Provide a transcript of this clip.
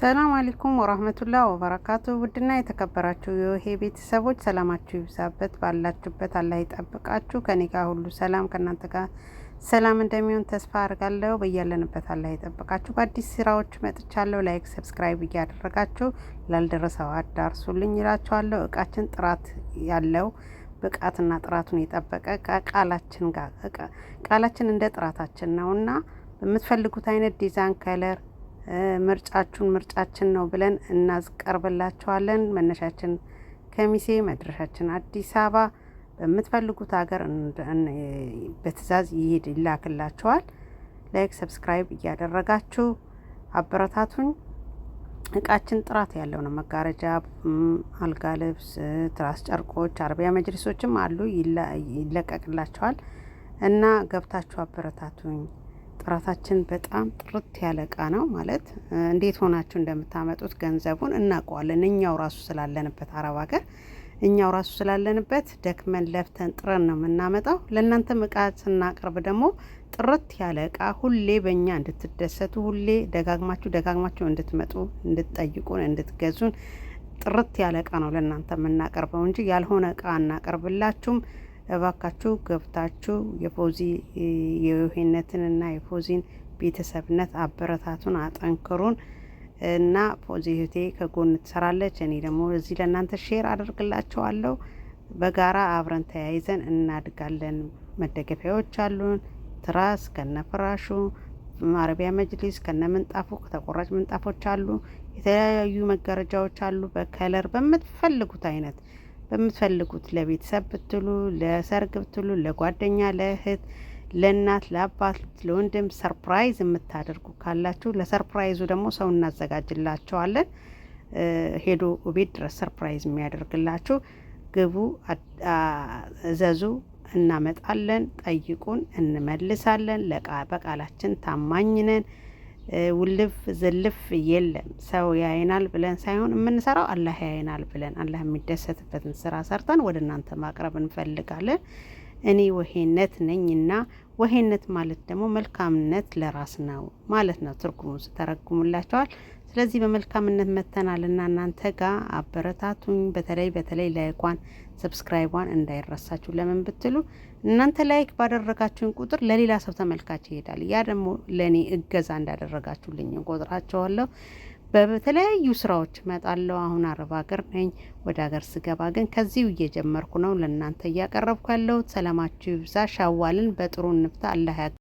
ሰላም አለይኩም ወራህመቱላህ ወበረካቱ። ውድና የተከበራችሁ የውሄ ቤተሰቦች ሰላማችሁ ይብዛበት፣ ባላችሁበት አላህ ይጠብቃችሁ። ከኔ ጋር ሁሉ ሰላም፣ ከእናንተ ጋር ሰላም እንደሚሆን ተስፋ አድርጋለሁ። በያለንበት አላህ ይጠብቃችሁ። በአዲስ ስራዎች መጥቻለሁ። ላይክ፣ ሰብስክራይብ እያደረጋችሁ ላልደረሰው አዳርሱልኝ ይላችኋለሁ። እቃችን ጥራት ያለው ብቃትና ጥራቱን የጠበቀ ቃላችን ጋር ቃላችን እንደ ጥራታችን ነውና በምትፈልጉት አይነት ዲዛይን ከለር ምርጫችሁን ምርጫችን ነው ብለን እናስቀርብላችኋለን። መነሻችን ከሚሴ መድረሻችን አዲስ አበባ በምትፈልጉት ሀገር በትዕዛዝ ይሄድ ይላክላችኋል። ላይክ ሰብስክራይብ እያደረጋችሁ አበረታቱኝ። እቃችን ጥራት ያለው ነው። መጋረጃ፣ አልጋ ልብስ፣ ትራስ፣ ጨርቆች፣ አረቢያ መጅሊሶችም አሉ፣ ይለቀቅላቸዋል። እና ገብታችሁ አበረታቱኝ። ጥራታችን በጣም ጥርት ያለ እቃ ነው። ማለት እንዴት ሆናችሁ እንደምታመጡት ገንዘቡን እናውቀዋለን። እኛው ራሱ ስላለንበት አረብ ሀገር እኛው ራሱ ስላለንበት ደክመን ለፍተን ጥረን ነው የምናመጣው። ለእናንተም እቃ ስናቀርብ ደግሞ ጥርት ያለ እቃ ሁሌ በእኛ እንድትደሰቱ ሁሌ ደጋግማችሁ ደጋግማችሁ እንድትመጡ እንድትጠይቁን፣ እንድትገዙን ጥርት ያለ እቃ ነው ለእናንተ የምናቀርበው እንጂ ያልሆነ እቃ አናቀርብላችሁም። እባካችሁ ገብታችሁ የፎዚ የውሄነትንና የፎዚን ቤተሰብነት አበረታቱን፣ አጠንክሩን እና ፎዚ እህቴ ከጎን ትሰራለች። እኔ ደግሞ እዚህ ለእናንተ ሼር አደርግላቸዋለሁ። በጋራ አብረን ተያይዘን እናድጋለን። መደገፊያዎች አሉን። ትራስ ከነፍራሹ ማረቢያ መጅሊስ ምንጣፉ ከተቆራጭ ምንጣፎች አሉ። የተለያዩ መጋረጃዎች አሉ። በከለር በምትፈልጉት አይነት በምትፈልጉት ለቤተሰብ ብትሉ፣ ለሰርግ ብትሉ፣ ለጓደኛ፣ ለእህት፣ ለእናት፣ ለአባት፣ ለወንድም ሰርፕራይዝ የምታደርጉ ካላችሁ ለሰርፕራይዙ ደግሞ ሰው እናዘጋጅላቸዋለን። ሄዶ ቤት ድረስ ሰርፕራይዝ የሚያደርግላችሁ ግቡ፣ እዘዙ፣ እናመጣለን። ጠይቁን፣ እንመልሳለን። ለቃ በቃላችን ታማኝ ነን። ውልፍ ዝልፍ የለም። ሰው ያይናል ብለን ሳይሆን የምንሰራው አላህ ያይናል ብለን አላህ የሚደሰትበትን ስራ ሰርተን ወደ እናንተ ማቅረብ እንፈልጋለን። እኔ ወሄነት ነኝና ወሄነት ማለት ደግሞ መልካምነት ለራስ ነው ማለት ነው። ትርጉሙ ስተረጉሙላቸዋል። ስለዚህ በመልካምነት መተናል እና እናንተ ጋ አበረታቱኝ። በተለይ በተለይ ላይኳን ሰብስክራይቧን እንዳይረሳችሁ። ለምን ብትሉ እናንተ ላይክ ባደረጋችሁኝ ቁጥር ለሌላ ሰው ተመልካች ይሄዳል። ያ ደግሞ ለእኔ እገዛ እንዳደረጋችሁልኝ ቆጥራቸዋለሁ። በተለያዩ ስራዎች እመጣለሁ። አሁን አረብ ሀገር ነኝ። ወደ ሀገር ስገባ ግን ከዚሁ እየጀመርኩ ነው ለእናንተ እያቀረብኩ ያለሁት። ሰላማችሁ ይብዛ። ሻዋልን በጥሩ እንፍታ። አላህ